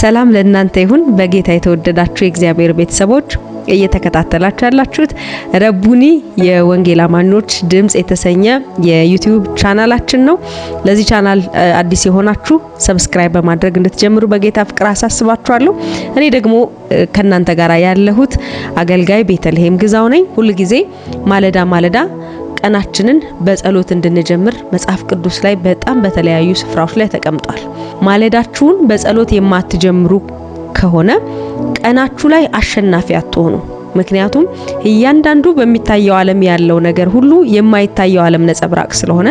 ሰላም ለእናንተ ይሁን። በጌታ የተወደዳችሁ የእግዚአብሔር ቤተሰቦች እየተከታተላችሁ ያላችሁት ረቡኒ የወንጌል አማኞች ድምጽ የተሰኘ የዩቲዩብ ቻናላችን ነው። ለዚህ ቻናል አዲስ የሆናችሁ ሰብስክራይብ በማድረግ እንድትጀምሩ በጌታ ፍቅር አሳስባችኋለሁ። እኔ ደግሞ ከእናንተ ጋር ያለሁት አገልጋይ ቤተልሔም ግዛው ነኝ። ሁልጊዜ ማለዳ ማለዳ ቀናችንን በጸሎት እንድንጀምር መጽሐፍ ቅዱስ ላይ በጣም በተለያዩ ስፍራዎች ላይ ተቀምጧል። ማለዳችሁን በጸሎት የማትጀምሩ ከሆነ ቀናችሁ ላይ አሸናፊ አትሆኑ። ምክንያቱም እያንዳንዱ በሚታየው ዓለም ያለው ነገር ሁሉ የማይታየው ዓለም ነጸብራቅ ስለሆነ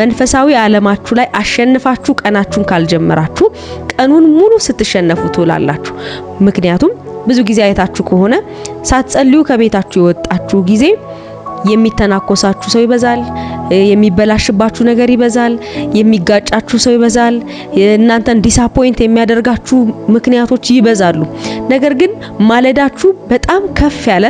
መንፈሳዊ ዓለማችሁ ላይ አሸንፋችሁ ቀናችሁን ካልጀመራችሁ ቀኑን ሙሉ ስትሸነፉ ትውላላችሁ። ምክንያቱም ብዙ ጊዜ አይታችሁ ከሆነ ሳትጸልዩ ከቤታችሁ የወጣችሁ ጊዜ የሚተናኮሳችሁ ሰው ይበዛል፣ የሚበላሽባችሁ ነገር ይበዛል፣ የሚጋጫችሁ ሰው ይበዛል፣ እናንተን ዲሳፖይንት የሚያደርጋችሁ ምክንያቶች ይበዛሉ። ነገር ግን ማለዳችሁ በጣም ከፍ ያለ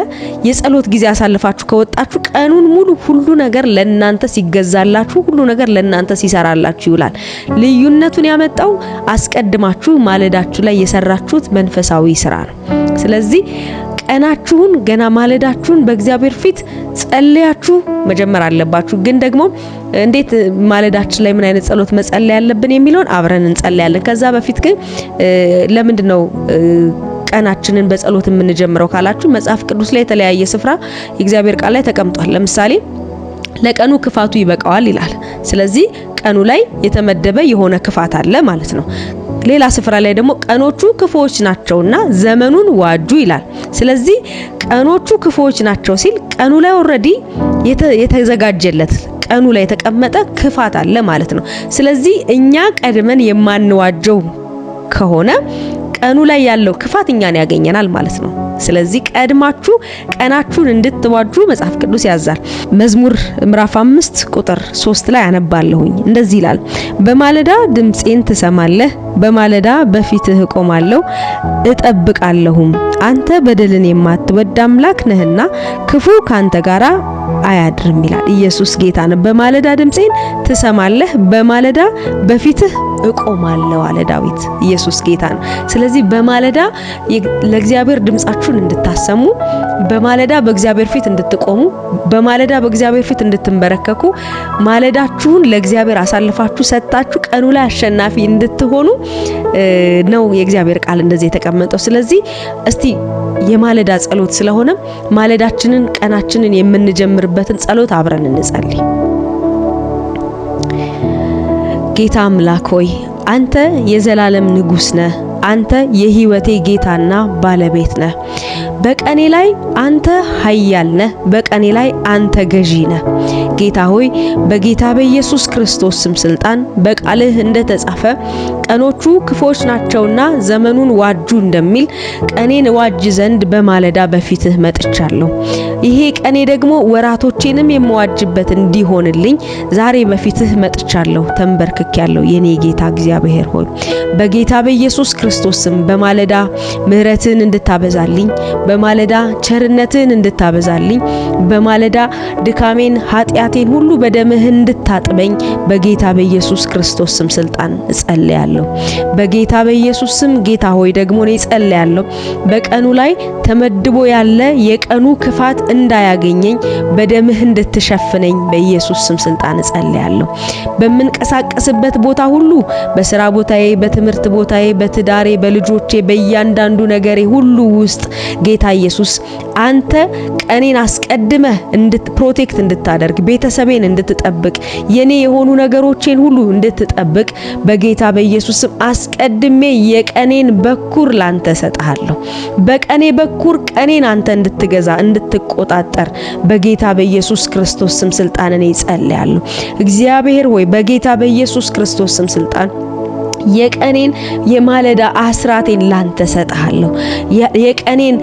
የጸሎት ጊዜ አሳልፋችሁ ከወጣችሁ ቀኑን ሙሉ ሁሉ ነገር ለእናንተ ሲገዛላችሁ፣ ሁሉ ነገር ለእናንተ ሲሰራላችሁ ይውላል። ልዩነቱን ያመጣው አስቀድማችሁ ማለዳችሁ ላይ የሰራችሁት መንፈሳዊ ስራ ነው። ስለዚህ ቀናችሁን ገና ማለዳችሁን በእግዚአብሔር ፊት ጸልያችሁ መጀመር አለባችሁ። ግን ደግሞ እንዴት ማለዳችን ላይ ምን አይነት ጸሎት መጸለይ ያለብን የሚለውን አብረን እንጸልያለን። ከዛ በፊት ግን ለምንድን ነው ቀናችንን በጸሎት የምንጀምረው ካላችሁ መጽሐፍ ቅዱስ ላይ የተለያየ ስፍራ የእግዚአብሔር ቃል ላይ ተቀምጧል። ለምሳሌ ለቀኑ ክፋቱ ይበቃዋል ይላል። ስለዚህ ቀኑ ላይ የተመደበ የሆነ ክፋት አለ ማለት ነው። ሌላ ስፍራ ላይ ደግሞ ቀኖቹ ክፉዎች ናቸውና ዘመኑን ዋጁ ይላል። ስለዚህ ቀኖቹ ክፉዎች ናቸው ሲል ቀኑ ላይ ኦልሬዲ የተዘጋጀለት ቀኑ ላይ የተቀመጠ ክፋት አለ ማለት ነው። ስለዚህ እኛ ቀድመን የማንዋጀው ከሆነ ቀኑ ላይ ያለው ክፋት እኛን ያገኘናል ማለት ነው። ስለዚህ ቀድማችሁ ቀናችሁን እንድትዋጁ መጽሐፍ ቅዱስ ያዛል። መዝሙር ምዕራፍ 5 ቁጥር 3 ላይ አነባለሁኝ እንደዚህ ይላል፣ በማለዳ ድምፄን ትሰማለህ፣ በማለዳ በፊትህ እቆማለሁ እጠብቃለሁም። አንተ በደልን የማትወድ አምላክ ነህና ክፉ ካንተ ጋራ አያድርም ይላል ኢየሱስ ጌታ ነው። በማለዳ ድምጼን ትሰማለህ፣ በማለዳ በፊትህ እቆማለሁ አለ ዳዊት። ኢየሱስ ጌታ ነው። ስለዚህ በማለዳ ለእግዚአብሔር ድምጻችሁን እንድታሰሙ፣ በማለዳ በእግዚአብሔር ፊት እንድትቆሙ፣ በማለዳ በእግዚአብሔር ፊት እንድትንበረከኩ፣ ማለዳችሁን ለእግዚአብሔር አሳልፋችሁ ሰጥታችሁ ቀኑ ላይ አሸናፊ እንድትሆኑ ነው የእግዚአብሔር ቃል እንደዚህ የተቀመጠው። ስለዚህ እስቲ የማለዳ ጸሎት ስለሆነ ማለዳችንን ቀናችንን የምንጀምር የምንማርበትን ጸሎት አብረን እንጸልይ። ጌታ አምላክ ሆይ አንተ የዘላለም ንጉስ ነህ። አንተ የህይወቴ ጌታና ባለቤት ነህ። በቀኔ ላይ አንተ ኃያል ነህ፣ በቀኔ ላይ አንተ ገዢ ነህ። ጌታ ሆይ በጌታ በኢየሱስ ክርስቶስ ስም ስልጣን በቃልህ እንደተጻፈ ቀኖቹ ክፎች ናቸውና ዘመኑን ዋጁ እንደሚል ቀኔን ዋጅ ዘንድ በማለዳ በፊትህ መጥቻለሁ። ይሄ ቀኔ ደግሞ ወራቶቼንም የምዋጅበት እንዲሆንልኝ ዛሬ በፊትህ መጥቻለሁ፣ ተንበርክኬያለሁ። የኔ ጌታ እግዚአብሔር ሆይ በጌታ በኢየሱስ ክርስቶስ ስም በማለዳ ምሕረትን እንድታበዛልኝ በማለዳ ቸርነትህን እንድታበዛልኝ፣ በማለዳ ድካሜን፣ ኃጢአቴን ሁሉ በደምህ እንድታጥበኝ በጌታ በኢየሱስ ክርስቶስ ስም ስልጣን እጸልያለሁ። በጌታ በኢየሱስ ስም ጌታ ሆይ ደግሞ እኔ እጸልያለሁ በቀኑ ላይ ተመድቦ ያለ የቀኑ ክፋት እንዳያገኘኝ በደምህ እንድትሸፍነኝ በኢየሱስ ስም ስልጣን እጸልያለሁ። በምንቀሳቀስበት ቦታ ሁሉ በስራ ቦታዬ፣ በትምህርት ቦታዬ፣ በትዳሬ፣ በልጆቼ፣ በእያንዳንዱ ነገሬ ሁሉ ውስጥ ጌታ ኢየሱስ አንተ ቀኔን አስቀድመህ ፕሮቴክት እንድታደርግ ቤተሰቤን እንድትጠብቅ የኔ የሆኑ ነገሮቼን ሁሉ እንድትጠብቅ በጌታ በኢየሱስም አስቀድሜ የቀኔን በኩር ላንተ ሰጥሃለሁ። በቀኔ በኩር ቀኔን አንተ እንድትገዛ እንድትቆጣጠር በጌታ በኢየሱስ ክርስቶስ ስም ስልጣን እኔ እጸልያለሁ። እግዚአብሔር ሆይ በጌታ በኢየሱስ ክርስቶስ ስም ስልጣን የቀኔን የማለዳ አስራቴን ላንተ ሰጥሃለሁ። የቀኔን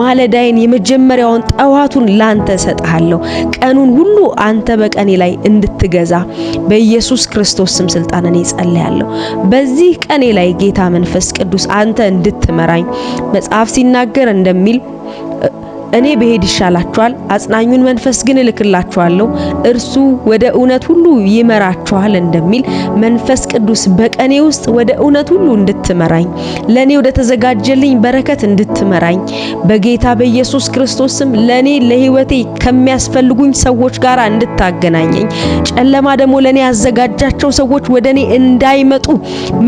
ማለዳይን የመጀመሪያውን ጠዋቱን ላንተ ሰጥሃለሁ። ቀኑን ሁሉ አንተ በቀኔ ላይ እንድትገዛ በኢየሱስ ክርስቶስ ስም ስልጣንን እኔ በዚህ ቀኔ ላይ ጌታ መንፈስ ቅዱስ አንተ እንድትመራኝ መጽሐፍ ሲናገር እንደሚል እኔ ብሄድ ይሻላችኋል፣ አጽናኙን መንፈስ ግን እልክላችኋለሁ፣ እርሱ ወደ እውነት ሁሉ ይመራችኋል እንደሚል መንፈስ ቅዱስ በቀኔ ውስጥ ወደ እውነት ሁሉ እንድትመራኝ ለኔ ወደ ተዘጋጀልኝ በረከት እንድትመራኝ በጌታ በኢየሱስ ክርስቶስም ለኔ ለህይወቴ ከሚያስፈልጉኝ ሰዎች ጋር እንድታገናኘኝ ጨለማ ደግሞ ለኔ ያዘጋጃቸው ሰዎች ወደ እኔ እንዳይመጡ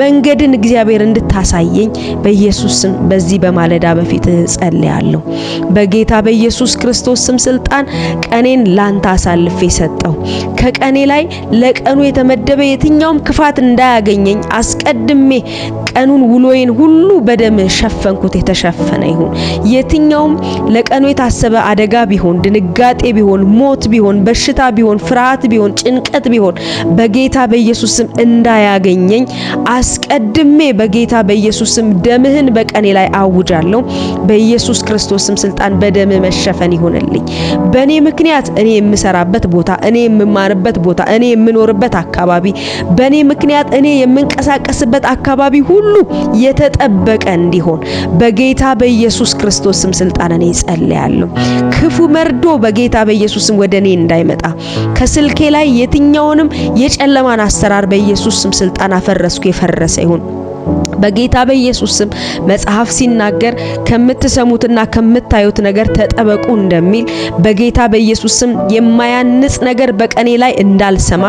መንገድን እግዚአብሔር እንድታሳየኝ በኢየሱስ ስም በዚህ በማለዳ በፊት ጸልያለሁ በጌታ በጌታ በኢየሱስ ክርስቶስ ስም ስልጣን ቀኔን ላንተ አሳልፌ ሰጠው። ከቀኔ ላይ ለቀኑ የተመደበ የትኛውም ክፋት እንዳያገኘኝ አስቀድሜ ቀኑን ውሎዬን ሁሉ በደም ሸፈንኩት። የተሸፈነ ይሁን። የትኛውም ለቀኑ የታሰበ አደጋ ቢሆን፣ ድንጋጤ ቢሆን፣ ሞት ቢሆን፣ በሽታ ቢሆን፣ ፍርሃት ቢሆን፣ ጭንቀት ቢሆን በጌታ በኢየሱስ ስም እንዳያገኘኝ አስቀድሜ በጌታ በኢየሱስ ስም ደምህን በቀኔ ላይ አውጃለሁ። በኢየሱስ ክርስቶስ ስም ስልጣን በደ በደም መሸፈን ይሆንልኝ። በእኔ ምክንያት እኔ የምሰራበት ቦታ፣ እኔ የምማርበት ቦታ፣ እኔ የምኖርበት አካባቢ፣ በእኔ ምክንያት እኔ የምንቀሳቀስበት አካባቢ ሁሉ የተጠበቀ እንዲሆን በጌታ በኢየሱስ ክርስቶስ ስም ስልጣን እኔ ጸልያለሁ። ክፉ መርዶ በጌታ በኢየሱስ ስም ወደ እኔ እንዳይመጣ ከስልኬ ላይ የትኛውንም የጨለማን አሰራር በኢየሱስ ስም ስልጣን አፈረስኩ። የፈረሰ ይሁን። በጌታ በኢየሱስ ስም መጽሐፍ ሲናገር ከምትሰሙትና ከምታዩት ነገር ተጠበቁ እንደሚል በጌታ በኢየሱስ ስም የማያንጽ ነገር በቀኔ ላይ እንዳልሰማ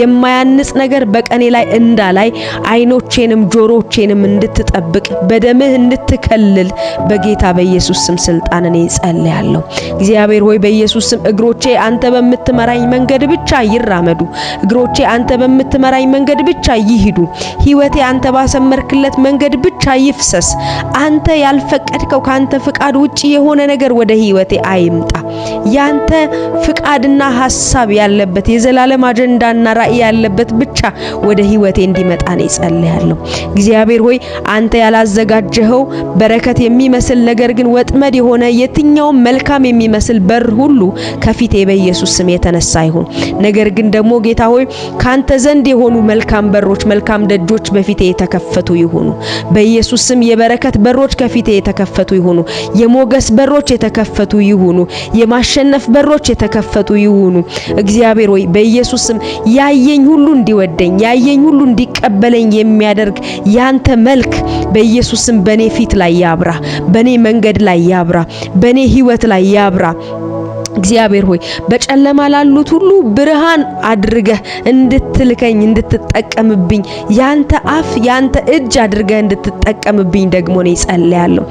የማያንጽ ነገር በቀኔ ላይ እንዳላይ ዓይኖቼንም ጆሮቼንም እንድትጠብቅ በደምህ እንድትከልል በጌታ በኢየሱስ ስም ስልጣን እኔ ጸልያለሁ። እግዚአብሔር ሆይ በኢየሱስ ስም እግሮቼ አንተ በምትመራኝ መንገድ ብቻ ይራመዱ። እግሮቼ አንተ በምትመራኝ መንገድ ብቻ ይሂዱ። ሕይወቴ አንተ ባሰመርክለት መንገድ ብቻ ይፍሰስ። አንተ ያልፈቀድከው ካንተ ፍቃድ ውጪ የሆነ ነገር ወደ ህይወቴ አይምጣ። ያንተ ፍቃድና ሐሳብ ያለበት የዘላለም አጀንዳና ራእይ ያለበት ብቻ ወደ ህይወቴ እንዲመጣ ነው ጸልያለሁ። እግዚአብሔር ሆይ አንተ ያላዘጋጀኸው በረከት የሚመስል ነገር ግን ወጥመድ የሆነ የትኛውም መልካም የሚመስል በር ሁሉ ከፊቴ በኢየሱስ ስም የተነሳ ይሁን። ነገር ግን ደግሞ ጌታ ሆይ ካንተ ዘንድ የሆኑ መልካም በሮች፣ መልካም ደጆች በፊቴ የተከፈቱ ይሁኑ። በኢየሱስ ስም የበረከት በሮች ከፊቴ የተከፈቱ ይሁኑ። የሞገስ በሮች የተከፈቱ ይሁኑ። የማሸነፍ በሮች የተከፈቱ ይሁኑ። እግዚአብሔር ሆይ በኢየሱስ ስም ያየኝ ሁሉ እንዲወደኝ፣ ያየኝ ሁሉ እንዲቀበለኝ የሚያደርግ ያንተ መልክ በኢየሱስ ስም በኔ ፊት ላይ ያብራ፣ በኔ መንገድ ላይ ያብራ፣ በኔ ህይወት ላይ ያብራ። እግዚአብሔር ሆይ በጨለማ ላሉት ሁሉ ብርሃን አድርገህ እንድትልከኝ እንድትጠቀምብኝ ያንተ አፍ ያንተ እጅ አድርገህ እንድትጠቀምብኝ ደግሞ ነው ጸልያለሁ።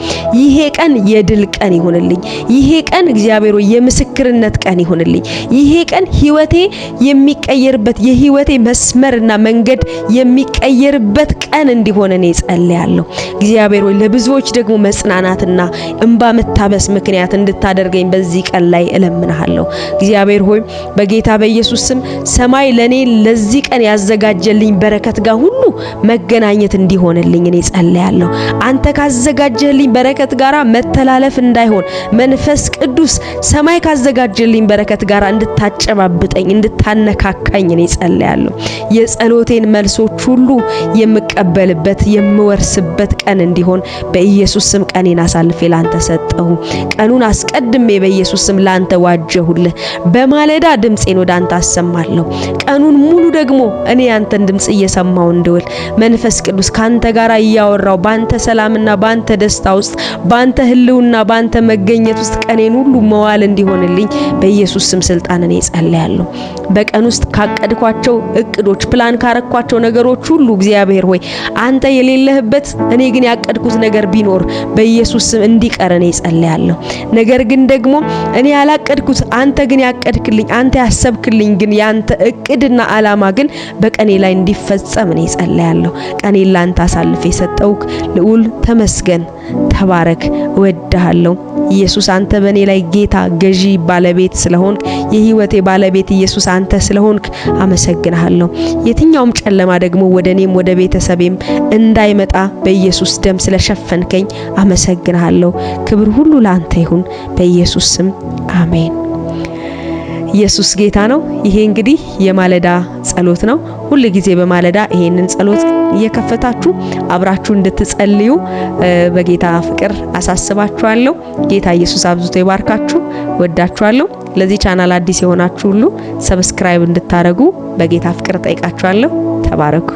ይሄ ቀን የድል ቀን ይሁንልኝ። ይሄ ቀን እግዚአብሔር ሆይ የምስክርነት ቀን ይሁንልኝ። ይሄ ቀን ህይወቴ የሚቀየርበት የህይወቴ መስመርና መንገድ የሚቀየርበት ቀን እንዲሆን እኔ ጸልያለሁ። እግዚአብሔር ሆይ ለብዙዎች ደግሞ መጽናናትና እንባ መታበስ ምክንያት እንድታደርገኝ በዚህ ቀን ላይ እለ እለምንሃለሁ። እግዚአብሔር ሆይ በጌታ በኢየሱስ ስም ሰማይ ለኔ ለዚህ ቀን ያዘጋጀልኝ በረከት ጋር ሁሉ መገናኘት እንዲሆንልኝ እኔ ጸልያለሁ። አንተ ካዘጋጀልኝ በረከት ጋር መተላለፍ እንዳይሆን መንፈስ ቅዱስ ሰማይ ካዘጋጀልኝ በረከት ጋር እንድታጨባብጠኝ እንድታነካካኝ እኔ ጸልያለሁ። የጸሎቴን መልሶች ሁሉ የምቀበልበት የምወርስበት ቀን እንዲሆን በኢየሱስ ስም ቀኔን አሳልፌ ላንተ ሰጠሁ። ቀኑን አስቀድሜ በኢየሱስ ስም ላንተ ዋጀሁልህ። በማለዳ ድምጼን ወደ አንተ አሰማለሁ። ቀኑን ሙሉ ደግሞ እኔ ያንተን ድምጽ እየሰማው እንድውል መንፈስ ቅዱስ ካንተ ጋር እያወራው ባንተ ሰላምና ባንተ ደስታ ውስጥ ባንተ ህልውና ባንተ መገኘት ውስጥ ቀኔን ሁሉ መዋል እንዲሆንልኝ በኢየሱስ ስም ስልጣን እኔ ጸልያለሁ። በቀን ውስጥ ካቀድኳቸው እቅዶች፣ ፕላን ካረኳቸው ነገሮች ሁሉ እግዚአብሔር ሆይ አንተ የሌለህበት እኔ ግን ያቀድኩት ነገር ቢኖር በኢየሱስ ስም እንዲቀር እኔ ጸልያለሁ። ነገር ግን ደግሞ እኔ ያላቀ ያቀድኩት አንተ ግን ያቀድክልኝ አንተ ያሰብክልኝ ግን ያንተ እቅድና አላማ ግን በቀኔ ላይ እንዲፈጸም እኔ ጸልያለሁ። ቀኔን ላንተ አሳልፌ የሰጠውክ ልዑል ተመስገን፣ ተባረክ፣ እወድሃለሁ። ኢየሱስ አንተ በእኔ ላይ ጌታ፣ ገዢ፣ ባለቤት ስለሆንክ የህይወቴ ባለቤት ኢየሱስ አንተ ስለሆንክ አመሰግናለሁ። የትኛውም ጨለማ ደግሞ ወደ እኔም ወደ ቤተሰቤም እንዳይመጣ በኢየሱስ ደም ስለሸፈንከኝ አመሰግናለሁ። ክብር ሁሉ ለአንተ ይሁን፣ በኢየሱስ ስም አሜን። ኢየሱስ ጌታ ነው። ይሄ እንግዲህ የማለዳ ጸሎት ነው። ሁል ጊዜ በማለዳ ይሄንን ጸሎት እየከፈታችሁ አብራችሁ እንድትጸልዩ በጌታ ፍቅር አሳስባችኋለሁ። ጌታ ኢየሱስ አብዝቶ ይባርካችሁ። ወዳችኋለሁ። ለዚህ ቻናል አዲስ የሆናችሁ ሁሉ ሰብስክራይብ እንድታደርጉ በጌታ ፍቅር ጠይቃችኋለሁ። ተባረኩ።